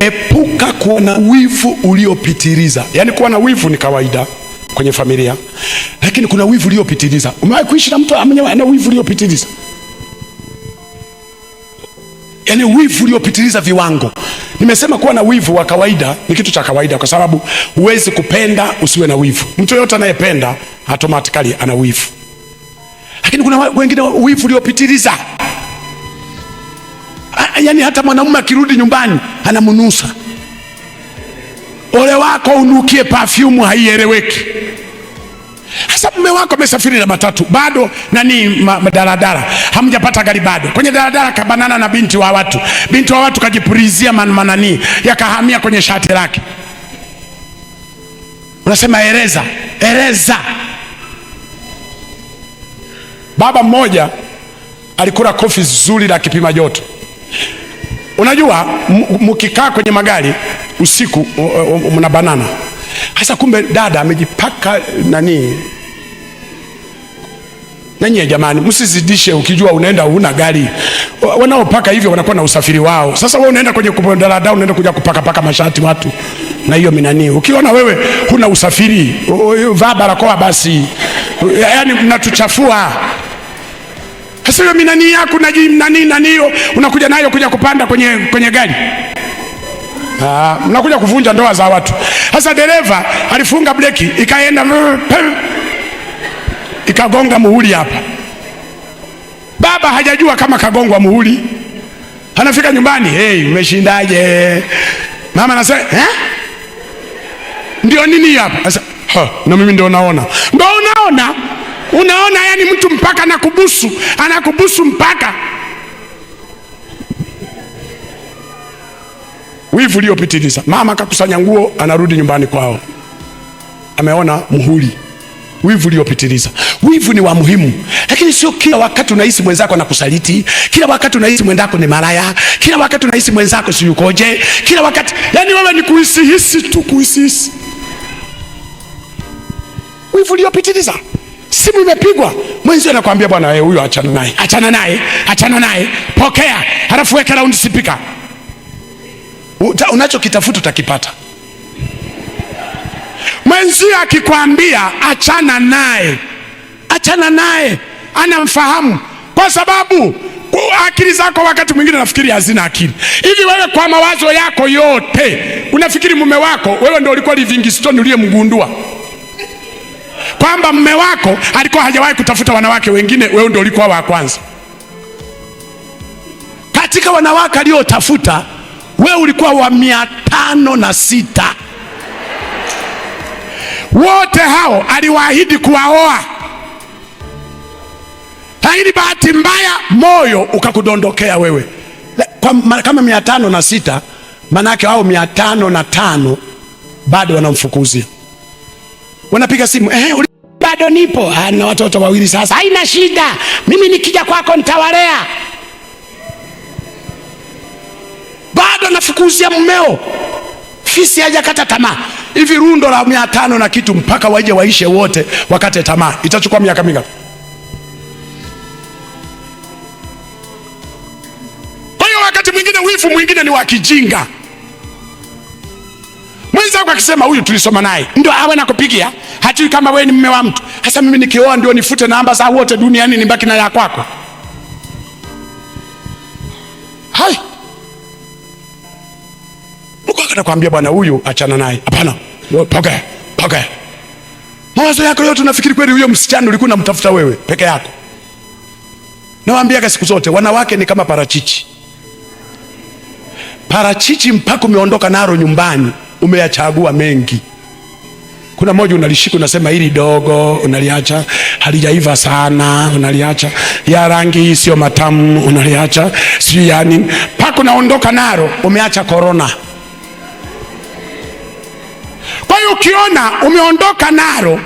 Epuka kuwa na wivu uliopitiliza. Yaani, kuwa na wivu ni kawaida kwenye familia, lakini kuna wivu uliopitiliza. Umewahi kuishi na mtu amenyewe ana wivu uliopitiliza? Yaani wivu uliopitiliza viwango. Nimesema kuwa na wivu wa kawaida ni kitu cha kawaida, kwa sababu huwezi kupenda usiwe na wivu. Mtu yoyote anayependa automatically ana wivu, lakini kuna wengine wivu uliopitiliza Eh, yani hata mwanamume akirudi nyumbani anamunusa Ole wako unukie perfume haieleweki. Sasa mume wako amesafiri na matatu bado nani madaradara, hamjapata gari bado, kwenye daradara kabanana na binti wa watu, binti wa watu kajipulizia manani yakahamia kwenye shati lake. Unasema eleza eleza. Baba mmoja alikula kofi zuri la kipima joto Unajua, mkikaa kwenye magari usiku mna banana hasa, kumbe dada amejipaka nani. Nanyie jamani, msizidishe. Ukijua unaenda una gari, wanaopaka hivyo wanakuwa na usafiri wao. Sasa wewe unaenda kwenye daladala, unaenda kuja kupakapaka mashati watu na hiyo minani. Ukiona wewe huna usafiri, vaa barakoa basi. Yaani mnatuchafua. Sasa hiyo minani yako nani nani hiyo unakuja nayo kuja kupanda kwenye, kwenye gari ah, mnakuja kuvunja ndoa za watu. Hasa dereva alifunga breki ikaenda ikagonga muhuri hapa, baba hajajua kama kagongwa muhuri. Anafika nyumbani, hey, umeshindaje? Mama anasema eh, ndio nini hapa sasa? Na mimi ndio naona, ndio unaona Unaona, yani mtu mpaka nakubusu, anakubusu mpaka wivu uliopitiliza. Mama akakusanya nguo, anarudi nyumbani kwao, ameona muhuri. Wivu uliopitiliza. Wivu ni wa muhimu, lakini sio kila wakati unahisi mwenzako anakusaliti, kila wakati unahisi mwenzako ni malaya, kila wakati unahisi mwenzako si yukoje, kila wakati yani wewe ni kuhisihisi tu, kuhisihisi. Wivu uliopitiliza simu imepigwa, mwenzi anakwambia bwana wewe, huyo achana naye, achana naye, achana naye, pokea, halafu weka round raundi sipika. Unachokitafuta utakipata. Mwenzi akikwambia achana naye, achana naye, anamfahamu kwa sababu akili zako wakati mwingine nafikiri hazina akili hivi. Wewe kwa mawazo yako yote unafikiri mume wako wewe ndio ulikuwa livingstone uliyemgundua kwamba mme wako alikuwa hajawahi kutafuta wanawake wengine, wewe ndio ulikuwa wa kwanza katika wanawake aliotafuta, wewe ulikuwa wa mia tano na sita. Wote hao aliwaahidi kuwaoa, lakini bahati mbaya moyo ukakudondokea wewe. Kwa, kama mia tano na sita, maanaake hao mia tano na tano bado wanamfukuzia wanapiga simu eh, bado nipo ah, na watoto wawili sasa, haina shida, mimi nikija kwako nitawalea. Bado nafukuzia mmeo, fisi hajakata tamaa. Hivi rundo la mia tano na kitu mpaka waje waishe wote wakate tamaa, itachukua miaka mingapi? Kwa hiyo wakati mwingine wivu mwingine ni wa kijinga mwenzangu akisema huyu tulisoma naye ndio awe na kupigia, hajui kama wewe ni mume wa mtu. Hasa mimi nikioa ndio nifute namba za wote duniani nibaki na ya kwako? Hai, Mungu akakwambia bwana huyu achana naye? Hapana, pokea pokea. Mawazo yako yote unafikiri kweli huyo msichana ulikuwa unamtafuta wewe peke yako? Nawaambiaga siku zote wanawake ni kama parachichi, parachichi mpaka umeondoka naro nyumbani umeyachagua mengi. Kuna moja unalishika unasema hili dogo, unaliacha halijaiva sana, unaliacha ya rangi sio matamu, unaliacha sio yani paka unaondoka nalo, umeacha korona. Kwa hiyo ukiona umeondoka nalo,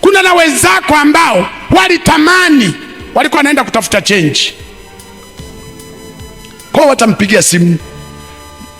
kuna na wenzako ambao walitamani, walikuwa wanaenda kutafuta chenji kwao, watampigia simu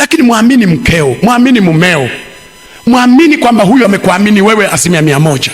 lakini mwamini mkeo, mwamini mumeo, mwamini kwamba huyu amekuamini wewe asilimia mia moja.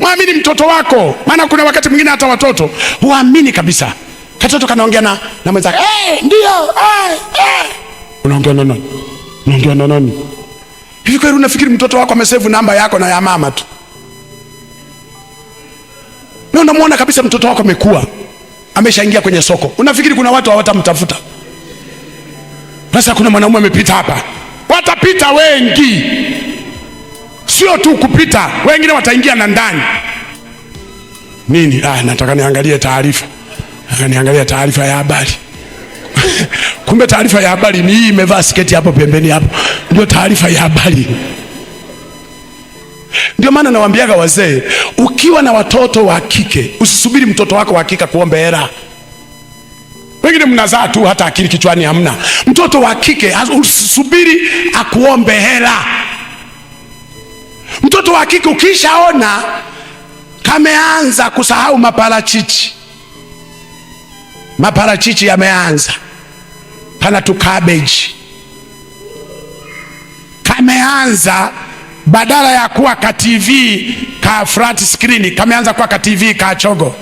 Mwamini mtoto wako, maana kuna wakati mwingine hata watoto huamini kabisa. Katoto kanaongea na na mwenzake, hey, eh, ndio hey, eh, eh. hey. Unaongea na nani? Unaongea na nani? Hivi kweli unafikiri mtoto wako amesevu namba yako na ya mama tu? Na unamwona kabisa mtoto wako amekua, ameshaingia kwenye soko. Unafikiri kuna watu hawatamtafuta? Sasa kuna mwanaume amepita hapa, watapita wengi, sio tu kupita, wengine wataingia na ndani nini. Ah, nataka niangalie taarifa, niangalie taarifa ya habari kumbe taarifa ya habari ni hii, imevaa sketi hapo pembeni, hapo ndio taarifa ya habari. Ndio maana nawaambiaga wazee, ukiwa na watoto wa kike usisubiri mtoto wako wa kike kuombe hela. Wengine mnazaa tu hata akili kichwani hamna. Mtoto wa kike usubiri akuombe hela. Mtoto wa kike ukishaona kameanza kusahau maparachichi, maparachichi yameanza, pana tu kabeji kameanza badala ya kuwa ka TV ka flat screen, kameanza kuwa ka TV ka chogo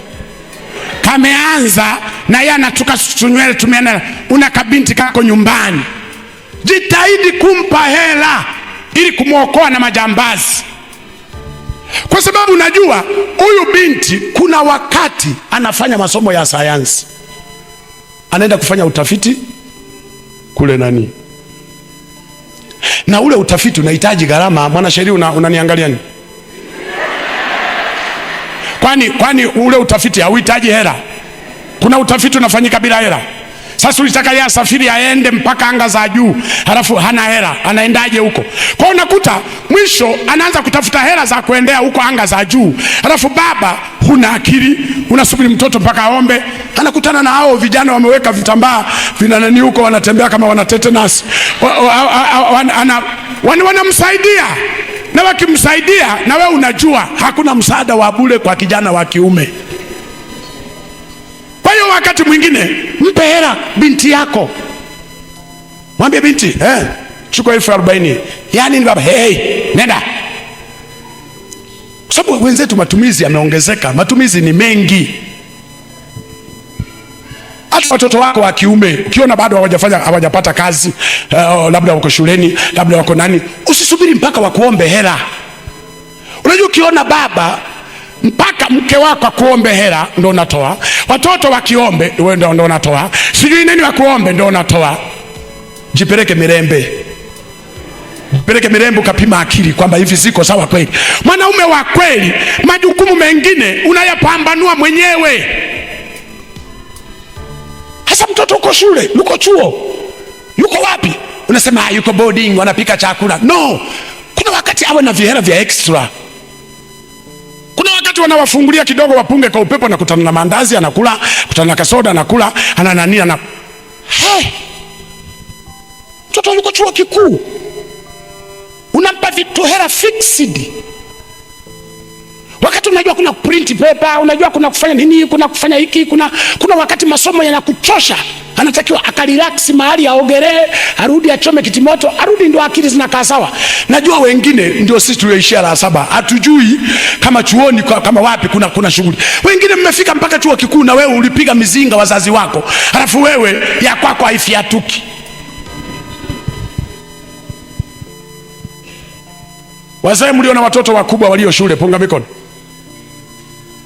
ameanza na yeye anatuka sunywele tumeana, una kabinti kako nyumbani, jitahidi kumpa hela ili kumwokoa na majambazi, kwa sababu unajua huyu binti kuna wakati anafanya masomo ya sayansi, anaenda kufanya utafiti kule nani, na ule utafiti unahitaji gharama. Mwanasheria, unaniangalia una nini Kwani kwani ule utafiti hauhitaji hela? Kuna utafiti unafanyika bila hela? Sasa ulitaka yeye asafiri aende mpaka anga za juu, halafu hana hela, anaendaje huko? Kwa unakuta mwisho anaanza kutafuta hela za kuendea huko anga za juu, halafu baba, huna akili, unasubiri mtoto mpaka aombe. Anakutana na hao vijana wameweka vitambaa vinanani huko, wanatembea kama wanatetenasi, wanamsaidia na wakimsaidia, na we unajua hakuna msaada wa bure kwa kijana wa kiume. Kwa hiyo wakati mwingine mpe hela binti yako, mwambie binti, eh, chukua elfu arobaini yaani ni baba, hey, nenda kwa sababu wenzetu matumizi yameongezeka, matumizi ni mengi. Hata watoto wako wa kiume ukiona bado hawajafanya hawajapata kazi uh, labda wako shuleni, labda wako nani, usisubiri mpaka wakuombe hela. Unajua, ukiona baba mpaka mke wako akuombe hela ndo unatoa, watoto wakiombe wewe ndo unatoa, sijui nini wakuombe ndo unatoa. Jipeleke Mirembe, peleke Mirembe ukapima akili kwamba hivi ziko sawa kweli. Mwanaume wa kweli majukumu mengine unayapambanua mwenyewe. Sasa mtoto uko shule, yuko chuo, yuko wapi, unasema ah, yuko boarding, wanapika chakula. No, kuna wakati awe na vihela vya extra kuna wakati wanawafungulia kidogo wapunge kwa upepo, na kutana na mandazi anakula, kutana na kasoda anakula, ana nani ana hey. Mtoto yuko chuo kikuu, unampa vitu hela fixed wakati unajua kuna print paper, unajua kuna kufanya nini, kuna kufanya hiki, kuna, kuna wakati masomo yanakuchosha, anatakiwa akarelax mahali aogelee, arudi achome kitimoto, arudi ndio akili zinakaa sawa. Najua wengine ndio sisi tulioishia la saba, hatujui kama chuoni kwa, kama wapi kuna, kuna shughuli. Wengine mmefika mpaka chuo kikuu na wewe ulipiga mizinga wazazi wako, alafu wewe ya kwako haifiatuki Wazee mlio na watoto wakubwa walio shule, punga mikono.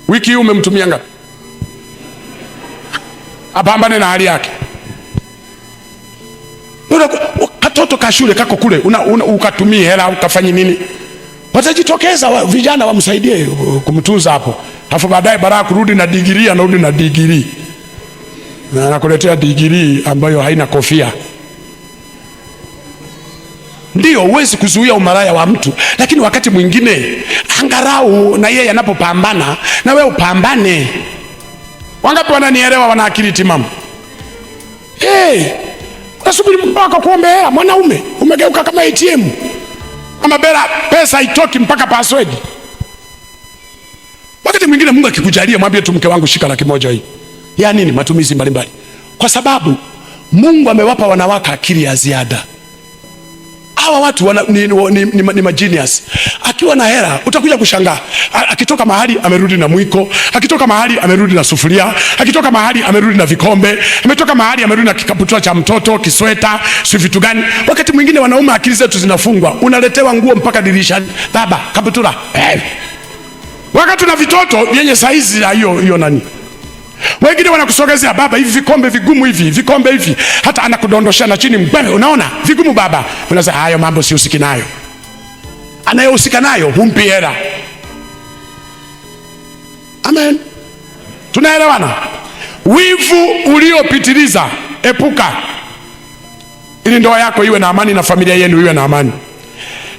Wiki hii umemtumia ngapi? Apambane na hali yake. Katoto ka shule kako kule una, una, ukatumie hela ukafanyi nini? Watajitokeza vijana wamsaidie uh, kumtunza hapo, alafu baadaye baraa kurudi na digirii, anarudi na digirii na anakuletea digirii ambayo haina kofia. Ndiyo, huwezi kuzuia umalaya wa mtu, lakini wakati mwingine angarau na yeye anapopambana na wewe upambane. Wangapi wananielewa? Wana akili timamu? Hey, unasubiri mtu kuombe hela, mwanaume umegeuka kama ATM, kama bela pesa itoki mpaka password. Wakati mwingine Mungu akikujalia, mwambie tu mke wangu, shika laki moja hii ya nini, matumizi mbalimbali, kwa sababu Mungu amewapa wanawake akili ya ziada hawa watu wana, ni, ni, ni, ni majinius. Akiwa na hela utakuja kushangaa, akitoka mahali amerudi na mwiko, akitoka mahali amerudi na sufuria, akitoka mahali amerudi na vikombe, ametoka mahali amerudi na kikaputua cha mtoto, kisweta, si vitu gani. Wakati mwingine wanaume akili zetu zinafungwa, unaletewa nguo mpaka dirishani, baba kaputura eh. Wakati na vitoto vyenye saizi ya hiyo hiyo nani wengine wanakusogezea baba, hivi vikombe vigumu hivi, vikombe hivi, hata anakudondosha na chini mbele, unaona vigumu baba. unaza hayo mambo sihusiki nayo, anayehusika nayo humpi hela. Amen, tunaelewana? Wivu uliopitiliza epuka, ili ndoa yako iwe na amani na familia yenu iwe na amani.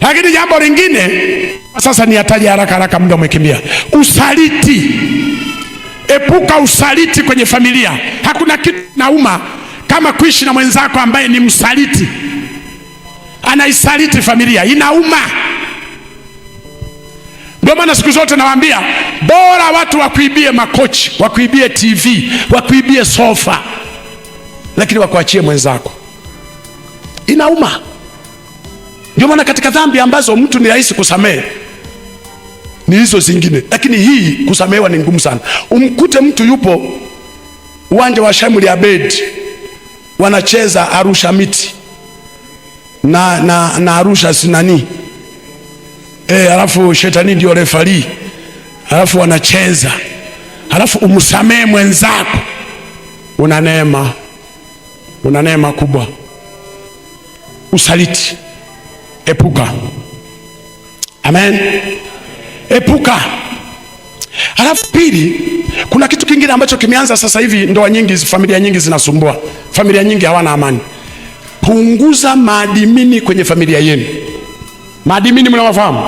Lakini jambo lingine sasa, ni ataje haraka haraka, muda umekimbia, usaliti Epuka usaliti kwenye familia. Hakuna kitu nauma kama kuishi na mwenzako ambaye ni msaliti, anaisaliti familia, inauma. Ndio maana siku zote nawaambia bora watu wakuibie makochi, wakuibie TV, wakuibie sofa, lakini wakuachie mwenzako, inauma. Ndio maana katika dhambi ambazo mtu ni rahisi kusamehe ni hizo zingine, lakini hii kusamehewa ni ngumu sana. Umkute mtu yupo uwanja wa Shamli Abed wanacheza Arusha miti na, na, na Arusha sinani e, eh, alafu shetani ndio refari, alafu wanacheza, alafu umsamehe mwenzako, una neema, una neema kubwa. Usaliti epuka. Amen epuka. Halafu pili, kuna kitu kingine ambacho kimeanza sasa hivi. Ndoa nyingi, familia nyingi zinasumbua, familia nyingi hawana amani. Punguza maadimini kwenye familia yenu. Maadimini mnawafahamu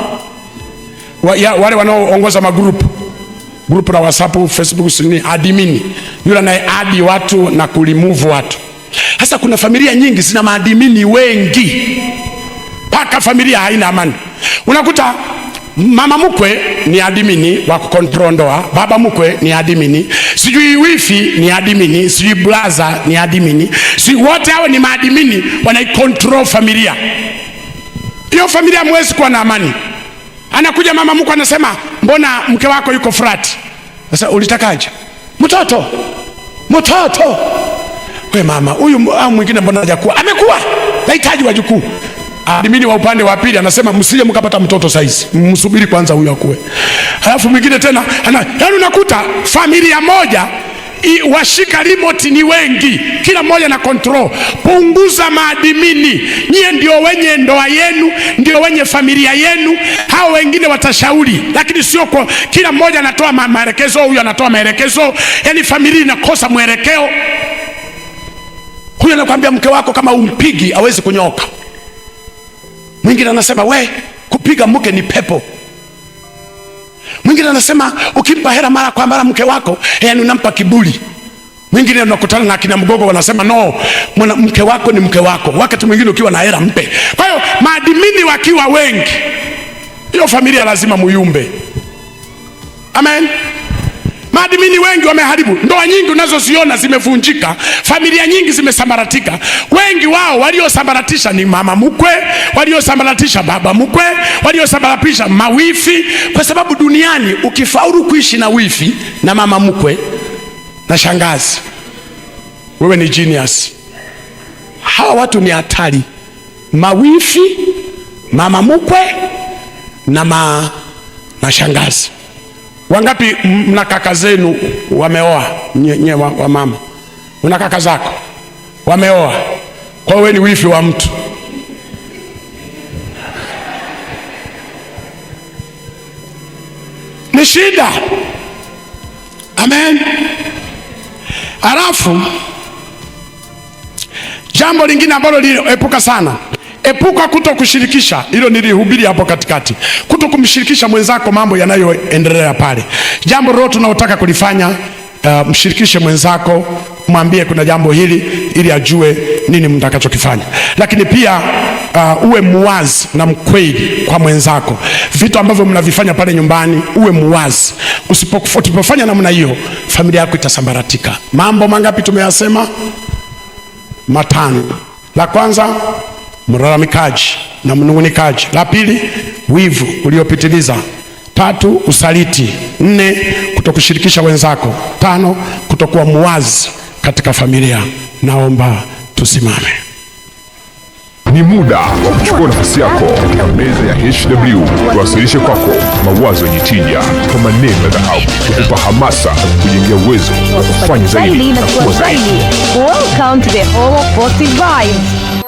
wa, wale wanaoongoza magrupu grupu la WhatsApp, Facebook, sini adimini yule anaye adi watu na kulimuvu watu. Hasa kuna familia nyingi zina maadimini wengi, mpaka familia haina amani, unakuta Mama mkwe ni adimini wa kukontrol ndoa, baba mkwe ni adimini, sijui wifi ni adimini, sijui blaza ni adimini, si wote hao ni maadimini, wanaikontrol familia. Hiyo familia mwezi kuwa na amani. Anakuja mama mkwe anasema, mbona mke wako yuko frati? Sasa ulitakaje? Mtoto, mtoto we mama huyu, au mwingine mbona hajakuwa amekuwa, nahitaji wajukuu adimini ah, wa upande wa pili anasema msije mkapata mtoto saizi, msubiri kwanza huyo akuwe. Halafu mwingine tena ana, yaani unakuta familia moja I, washika remote ni wengi, kila mmoja na control. Punguza maadimini, nyie ndio wenye ndoa yenu, ndio wenye familia yenu. Hao wengine watashauri, lakini sio kwa kila mmoja anatoa maelekezo, huyu anatoa maelekezo, yaani familia inakosa mwelekeo. Huyu anakuambia mke wako kama umpigi hawezi kunyoka. Mwingine anasema we, kupiga mke ni pepo. Mwingine anasema ukimpa hela mara kwa mara mke wako, yani unampa kiburi. Mwingine unakutana na akina Mgogo wanasema no, mwana mke wako ni mke wako, wakati mwingine ukiwa na hela mpe. Kwa hiyo maadimini wakiwa wengi, hiyo familia lazima muyumbe. Amen maadmini wengi wameharibu ndoa nyingi, unazoziona zimevunjika, familia nyingi zimesambaratika. Wengi wao waliosambaratisha ni mama mkwe, waliosambaratisha baba mkwe, waliosambaratisha mawifi, kwa sababu duniani ukifaulu kuishi na wifi na mama mkwe na shangazi, wewe ni genius. Hawa watu ni hatari, mawifi, mama mkwe na ma na shangazi. Wangapi mna kaka zenu wameoa? nye wa, wa mama una kaka zako wameoa, kwa hiyo wewe ni wifi wa mtu. Ni shida. Amen. alafu jambo lingine ambalo liliepuka sana Epuka kuto kushirikisha, hilo nilihubiri hapo katikati, kuto kumshirikisha mwenzako mambo yanayoendelea pale. Jambo lolote unaotaka kulifanya uh, mshirikishe mwenzako, mwambie kuna jambo hili, ili ajue nini mtakachokifanya. Lakini pia uh, uwe muwazi na mkweli kwa mwenzako. Vitu ambavyo mnavifanya pale nyumbani, uwe muwazi. Usipofanya namna hiyo, familia yako itasambaratika. Mambo mangapi tumeyasema? Matano. La kwanza mlalamikaji na mnung'unikaji. La pili, wivu uliopitiliza. Tatu, usaliti. Nne, kutokushirikisha wenzako. Tano, kutokuwa muwazi katika familia. Naomba tusimame. Ni muda wa kuchukua nafasi yako katika meza ya HW, tuwasilishe kwako mawazo yenye tija kwa maneno ya dhahabu, kukupa hamasa, kujengea uwezo wa kufanya zaidi na kuwa zaidi. Welcome to the Hall of Positive Vibes.